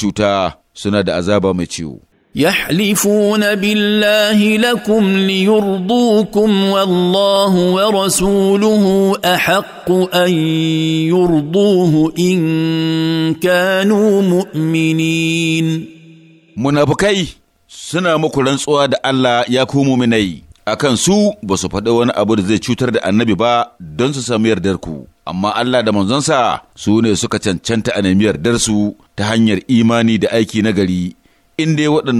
cuta suna da azaba mai ciwo. يحلفون بالله لكم rasuluhu a ورسوله an ان يرضوه ان كانوا مؤمنين munafukai suna muku rantsuwa da Allah ya ku muminai akan su ba su faɗi wani abu da zai cutar da annabi ba don su sami yardar ku amma Allah da manzonsa su ne suka cancanta a darsu ta hanyar imani da aiki nagari in dai waɗannan